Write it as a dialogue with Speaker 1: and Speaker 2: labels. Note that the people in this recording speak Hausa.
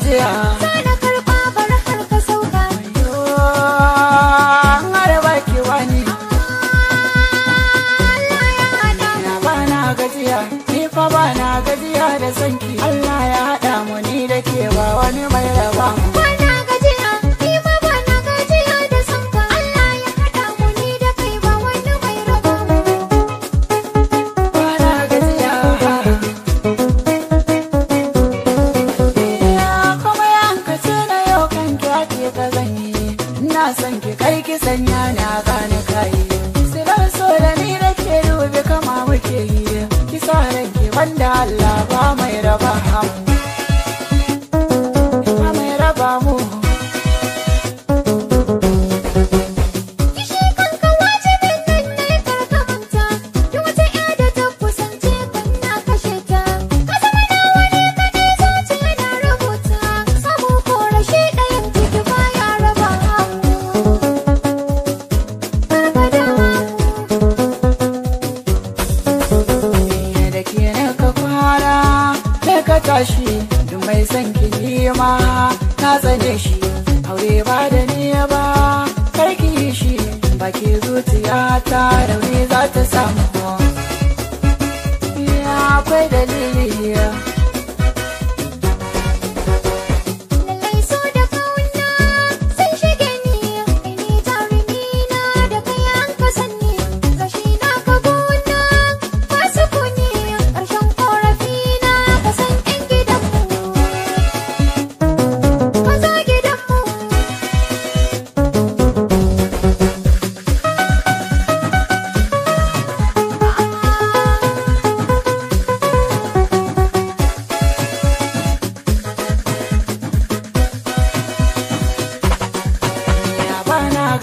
Speaker 1: ajiya sana karba bar har ka baki wani Allah ya hada bana gajiya ni fa bana gajiya da sanki Allah ba mai raba hamma tashi duk mai son ki ma na tsane shi aure ba da ni ba karki shi baki zuciya ta rauni za ta samu